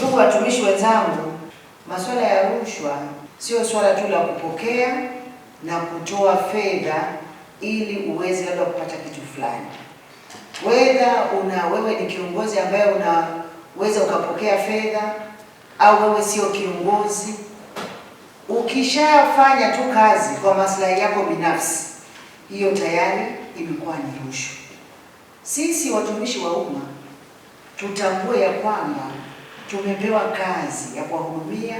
Ndugu watumishi wenzangu, masuala ya rushwa sio swala tu la kupokea na kutoa fedha ili uweze labda kupata kitu fulani. Wedha una wewe ni kiongozi ambaye unaweza ukapokea fedha au wewe sio kiongozi, ukishafanya tu kazi kwa maslahi yako binafsi, hiyo tayari imekuwa ni rushwa. Sisi watumishi wa umma tutambue ya kwamba tumepewa kazi ya kuwahudumia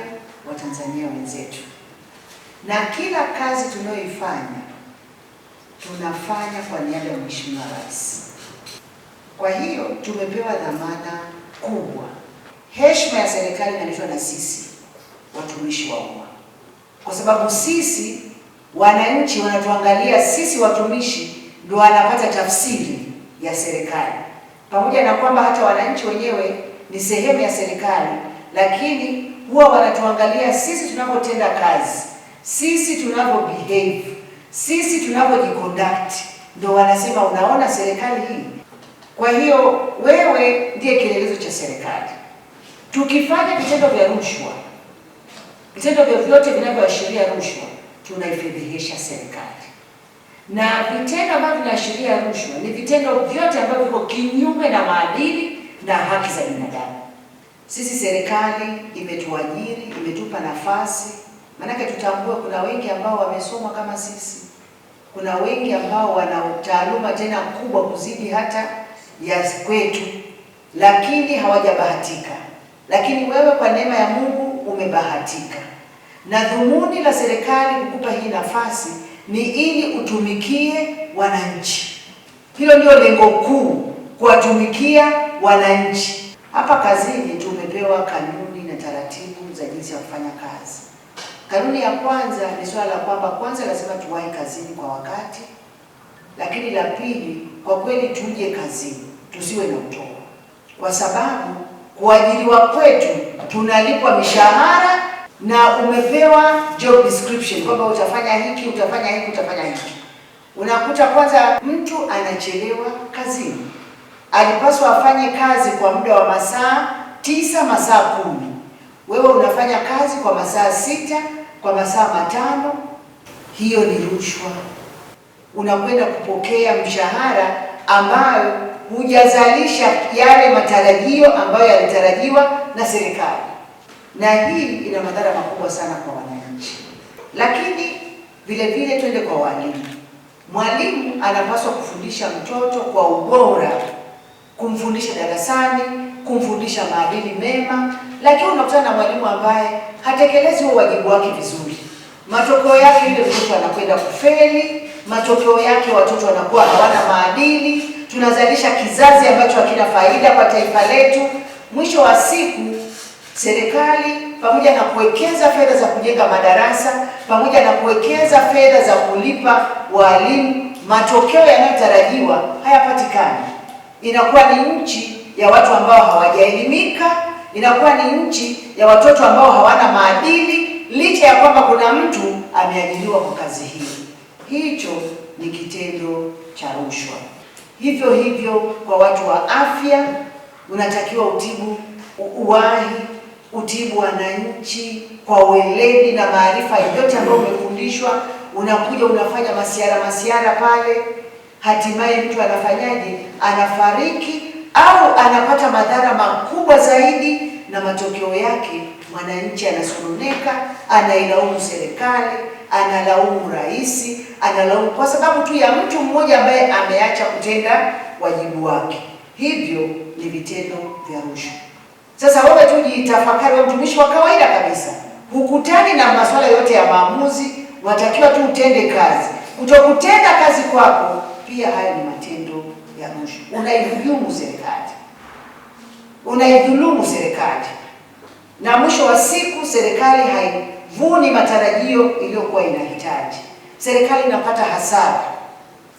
Watanzania wenzetu, na kila kazi tunayoifanya tunafanya kwa niaba ya Mheshimiwa Rais. Kwa hiyo tumepewa dhamana kubwa. Heshima ya serikali inaletwa na sisi watumishi wa umma, kwa sababu sisi wananchi wanatuangalia sisi watumishi, ndio wanapata tafsiri ya serikali, pamoja na kwamba hata wananchi wenyewe ni sehemu ya serikali, lakini huwa wanatuangalia sisi tunapotenda kazi, sisi behave, sisi tunapojiconduct, ndio wanasema unaona serikali hii. Kwa hiyo wewe ndiye kielelezo cha serikali. Tukifanya vitendo vya rushwa, vitendo vyovyote vinavyoashiria rushwa, tunaifedhehesha serikali na vitendo ambavyo vinaashiria rushwa ni vitendo vyote ambavyo viko kinyume na maadili na haki za binadamu. Sisi serikali imetuajiri, imetupa nafasi, maanake tutambue kuna wengi ambao wamesoma kama sisi, kuna wengi ambao wana taaluma tena kubwa kuzidi hata ya kwetu, lakini hawajabahatika. Lakini wewe kwa neema ya Mungu umebahatika, na dhumuni la serikali kukupa hii nafasi ni ili utumikie wananchi. Hilo ndio lengo kuu kuwatumikia wananchi. Hapa kazini tumepewa kanuni na taratibu za jinsi ya kufanya kazi. Kanuni ya kwanza ni swala la kwamba kwanza lazima tuwahi kazini kwa wakati, lakini la pili, kwa kweli tuje kazini, tusiwe na utoa, kwa sababu kuajiriwa kwetu tunalipwa mishahara na umepewa job description kwamba utafanya hiki, utafanya hiki, utafanya hiki. Unakuta kwanza mtu anachelewa kazini alipaswa afanye kazi kwa muda wa masaa tisa, masaa kumi. Wewe unafanya kazi kwa masaa sita, kwa masaa matano, hiyo ni rushwa. Unakwenda kupokea mshahara ambayo hujazalisha yale matarajio ambayo yalitarajiwa na serikali, na hii ina madhara makubwa sana kwa wananchi. Lakini vile vile, twende kwa walimu. Mwalimu anapaswa kufundisha mtoto kwa ubora kumfundisha darasani, kumfundisha maadili mema, lakini unakutana na mwalimu ambaye hatekelezi huo wajibu wake vizuri. Matokeo yake yule mtoto anakwenda kufeli, matokeo yake watoto wanakuwa hawana maadili, tunazalisha kizazi ambacho hakina faida kwa taifa letu. Mwisho wa siku serikali pamoja na kuwekeza fedha za kujenga madarasa pamoja na kuwekeza fedha za kulipa walimu, matokeo yanayotarajiwa hayapatikani inakuwa ni nchi ya watu ambao hawajaelimika, inakuwa ni nchi ya watoto ambao hawana maadili, licha ya kwamba kuna mtu ameajiriwa kwa kazi hii. Hicho ni kitendo cha rushwa. Hivyo hivyo kwa watu wa afya, unatakiwa utibu uwahi utibu wananchi kwa weledi na maarifa yote ambayo umefundishwa. Unakuja unafanya masiara masiara pale hatimaye mtu anafanyaje? Anafariki au anapata madhara makubwa zaidi, na matokeo yake mwananchi anasononeka, anailaumu serikali, analaumu rais, analaumu kwa sababu tu ya mtu mmoja ambaye ameacha kutenda wajibu wake. Hivyo ni vitendo vya rushwa. Sasa wewe tu jitafakari, wa mtumishi wa kawaida kabisa, hukutani na masuala yote ya maamuzi, watakiwa tu utende kazi. Kutokutenda kazi kwako pia haya ni matendo ya rushwa. Unaidhulumu serikali, unaidhulumu serikali, na mwisho wa siku serikali haivuni matarajio iliyokuwa inahitaji. Serikali inapata hasara,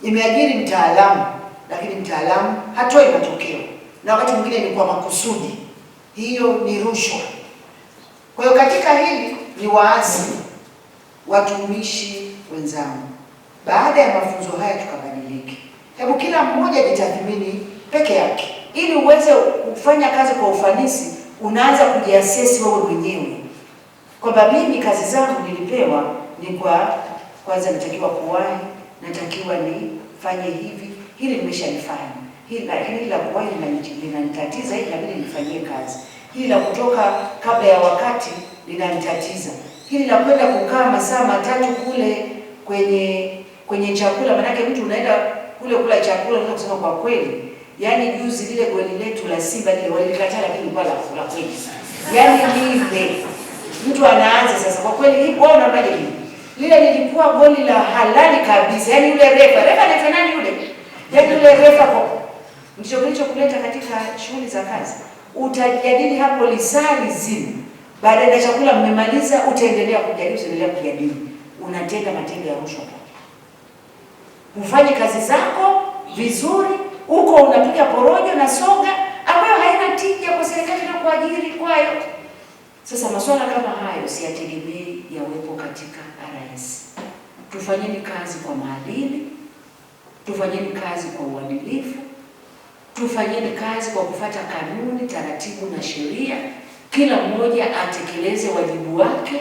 imeajiri mtaalamu, lakini mtaalamu hatoi matokeo, na wakati mwingine ni kwa makusudi. Hiyo ni rushwa. Kwa hiyo katika hili ni waasi, watumishi wenzangu baada ya mafunzo haya tukabadilike. Hebu kila mmoja jitathmini peke yake, ili uweze kufanya kazi kwa ufanisi. Unaanza kujiasesi wewe mwenyewe kwamba mimi kazi zangu nilipewa ni kwa kwanza, natakiwa kuwahi, natakiwa nifanye hivi, hili nimeshalifanya hili, lakini hili la kuwahi linanitatiza, hili inabidi nifanyie kazi, hili la kutoka kabla ya wakati linanitatiza, hili la kwenda kukaa masaa matatu kule kwenye kwenye chakula, maanake mtu unaenda kule kula chakula, unaweza kusema kwa kweli, yani juzi lile goli letu la Simba lile walilikataa, lakini kwa la kula kweli, yani lile mtu anaanza sasa, kwa kweli hii wewe unaonaje hili? Lile lilikuwa goli la halali kabisa, yani yule refa, refa ni nani yule? yani yule refa kwa ndicho kilichokuleta katika shughuli za kazi. Utajadili hapo lisali zima. Baada ya chakula mmemaliza, utaendelea kujadili, utaendelea kujadili. Unatenda matendo ya rushwa ufanye kazi zako vizuri, huko unapiga porojo na soga ambayo haina tija kwa serikali na ajili kwayo. Sasa masuala kama hayo siyategemei yawepo katika RS. Tufanyeni kazi kwa maadili, tufanyeni kazi kwa uadilifu, tufanyeni kazi kwa kufata kanuni, taratibu na sheria. Kila mmoja atekeleze wajibu wake,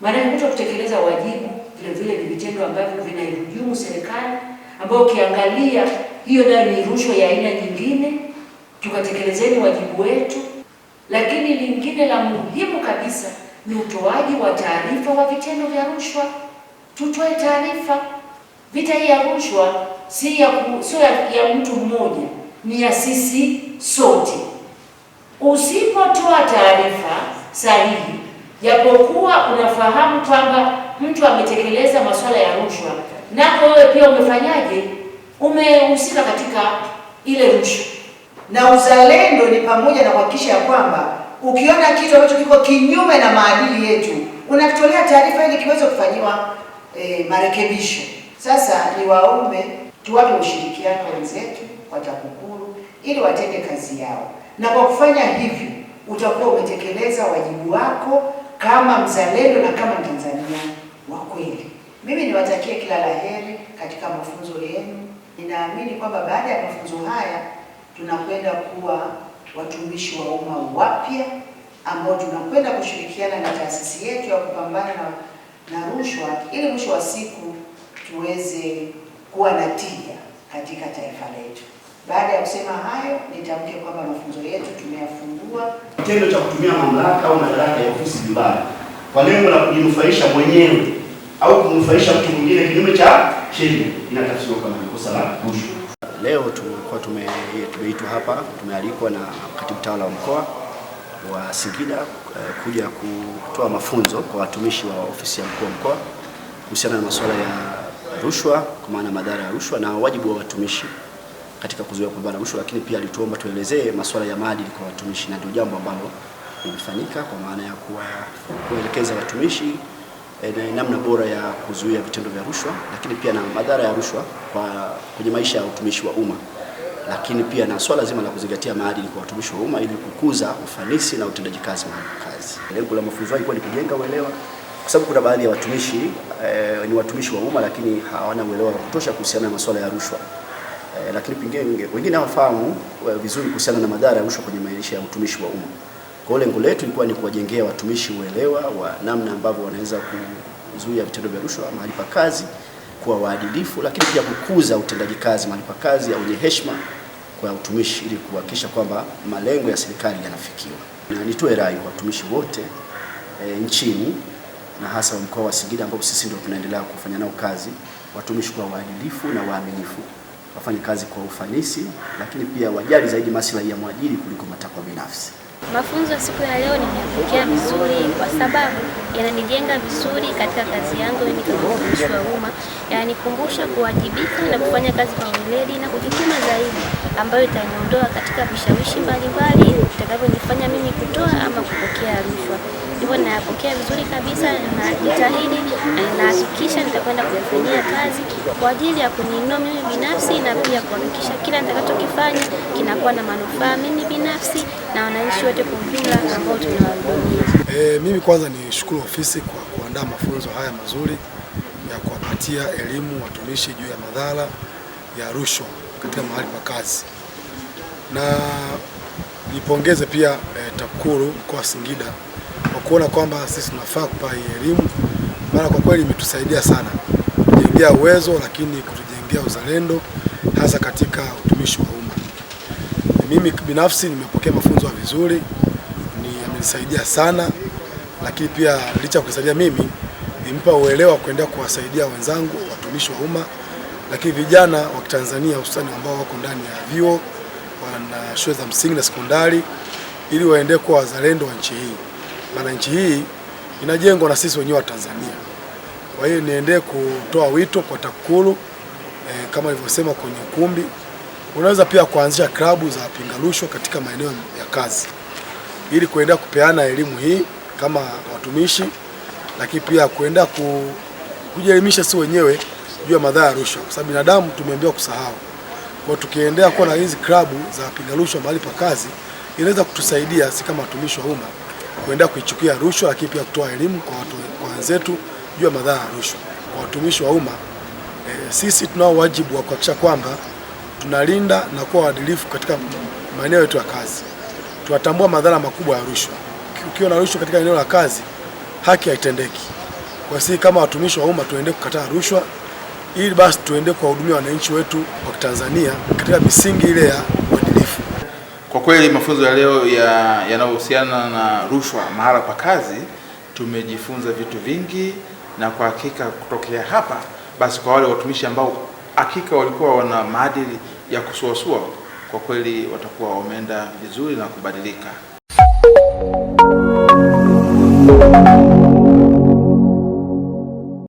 maana mtu kutekeleza wajibu vile vile ni vitendo ambavyo vinaihujumu serikali, ambayo ukiangalia hiyo nayo ni rushwa ya aina nyingine. Tukatekelezeni wajibu wetu, lakini lingine la muhimu kabisa ni utoaji wa taarifa wa vitendo vya rushwa. Tutoe taarifa. Vita hii ya rushwa si ya sio ya, ya mtu mmoja, ni ya sisi sote. Usipotoa taarifa sahihi, japokuwa unafahamu kwamba mtu ametekeleza masuala ya rushwa, nako wewe pia umefanyaje? Umehusika katika ile rushwa. Na uzalendo ni pamoja na kuhakikisha ya kwamba ukiona kitu ambacho kiko kinyume na maadili yetu unakitolea taarifa ili kiweze kufanyiwa e, marekebisho. Sasa ni waume tuwape ushirikiano wenzetu kwa TAKUKURU ili watende kazi yao, na kwa kufanya hivyo utakuwa umetekeleza wajibu wako kama mzalendo na kama Mtanzania wa kweli. Mimi niwatakie kila la heri katika mafunzo yenu. Ninaamini kwamba baada ya mafunzo haya tunakwenda kuwa watumishi wa umma wapya ambao tunakwenda kushirikiana na taasisi yetu ya kupambana na, na rushwa ili mwisho wa siku tuweze kuwa na tija katika taifa letu. Baada ya kusema hayo, nitamke kwamba mafunzo yetu tumeyafungua. Kitendo cha kutumia mamlaka au madaraka ya ofisi vibaya kwa lengo la kujinufaisha mwenyewe au kumnufaisha mtu mwingine kinyume cha sheria inatafsiriwa kama kosa la rushwa. Leo tumekuwa tumeitwa hapa, tumealikwa na katibu tawala wa mkoa wa Singida eh, kuja kutoa mafunzo kwa watumishi wa ofisi ya mkuu wa mkoa kuhusiana na masuala ya rushwa, kwa maana madhara ya rushwa na wajibu wa watumishi katika kuzuia kupambana rushwa, lakini pia alituomba tuelezee masuala ya maadili kwa watumishi, na ndio jambo ambalo limefanyika kwa maana ya kuelekeza watumishi Eh, ni namna bora ya kuzuia vitendo vya rushwa, lakini pia na madhara ya rushwa kwa kwenye maisha ya utumishi wa umma, lakini pia na swala zima la kuzingatia maadili kwa watumishi wa umma ili kukuza ufanisi na utendaji kazi wa kazi. Lengo la mafunzo hayo ni kujenga uelewa, kwa sababu kuna baadhi ya watumishi eh, ni watumishi wa umma lakini hawana uelewa wa kutosha kuhusiana na masuala ya rushwa eh, lakini pengine wengine hawafahamu eh, vizuri kuhusiana na madhara ya rushwa kwenye maisha ya utumishi wa umma. Kwa hiyo lengo letu ilikuwa ni kuwajengea watumishi uelewa wa namna ambavyo wanaweza kuzuia vitendo vya rushwa mahali pa kazi, kuwa waadilifu, lakini pia kukuza utendaji kazi mahali pa kazi au wenye heshima kwa utumishi ili kuhakikisha kwamba malengo ya serikali yanafikiwa. Na nitoe rai kwa watumishi wote e, nchini na hasa wa mkoa wa Singida ambao sisi ndio tunaendelea kufanya nao kazi, watumishi kuwa waadilifu na waaminifu, wafanye kazi kwa ufanisi, lakini pia wajali zaidi maslahi ya mwajiri kuliko matakwa binafsi. Mafunzo ya siku ya leo nimepokea vizuri kwa sababu yananijenga vizuri katika kazi yangu mimi kama mtumishi wa umma, yananikumbusha kuwajibika na kufanya kazi kwa weledi na kujituma zaidi, ambayo itaniondoa katika vishawishi mbalimbali vitakavyonifanya mimi kutoa ama kupokea rushwa hivyo nayapokea vizuri kabisa, najitahidi na ninahakikisha nitakwenda kuyafanyia kazi kwa ajili ya kuniinua mimi binafsi na pia kuhakikisha kila nitakachokifanya kinakuwa na manufaa mimi binafsi na wananchi wote kwa ujumla ambao tunawahudumia. E, mimi kwanza ni shukuru ofisi kwa kuandaa mafunzo haya mazuri ya kuwapatia elimu watumishi juu ya madhara ya rushwa katika mahali pa kazi na nipongeze pia e, TAKUKURU mkoa wa Singida kuona kwamba sisi tunafaa kupata hii elimu, maana kwa kweli imetusaidia sana kujengea uwezo, lakini kutujengea uzalendo hasa katika utumishi wa umma. Mimi binafsi nimepokea mafunzo vizuri, ni amenisaidia sana, lakini pia licha ya kunisaidia mimi nimpa uelewa kuendelea kuwasaidia wenzangu watumishi wa umma, lakini vijana wa Kitanzania hususani ambao wako ndani ya vyuo wana shule za msingi na sekondari, ili waendelee kuwa wazalendo wa nchi hii maana nchi hii inajengwa na sisi wenyewe wa Tanzania. Kwa hiyo niendee kutoa wito kwa TAKUKURU e, kama ilivyosema kwenye ukumbi, unaweza pia kuanzisha klabu za pinga rushwa katika maeneo ya kazi ili kuendea kupeana elimu hii kama watumishi, lakini pia kuenda ku, kujielimisha si wenyewe juu ya madhara ya rushwa, kwa sababu binadamu tumeambiwa kusahau. Kwa tukiendea kuwa na hizi klabu za pinga rushwa mahali pa kazi, inaweza kutusaidia si kama watumishi wa umma kuenda kuichukia rushwa, lakini pia kutoa elimu kwa watu kwa wenzetu juu ya madhara ya rushwa. Kwa watumishi wa umma e, sisi tunao wajibu wa kuhakikisha kwamba tunalinda na kuwa waadilifu katika maeneo yetu ya kazi. Tunatambua madhara makubwa ya rushwa. Ukiwa na rushwa katika eneo la kazi, haki haitendeki. Kwa sisi kama watumishi wa umma tuende kukataa rushwa ili basi tuende kuwahudumia wananchi wetu wa Tanzania katika misingi ile ya kwa kweli mafunzo ya leo yanayohusiana ya na rushwa mahala pa kazi, tumejifunza vitu vingi, na kwa hakika kutokea hapa basi, kwa wale watumishi ambao hakika walikuwa wana maadili ya kusuasua, kwa kweli watakuwa wameenda vizuri na kubadilika.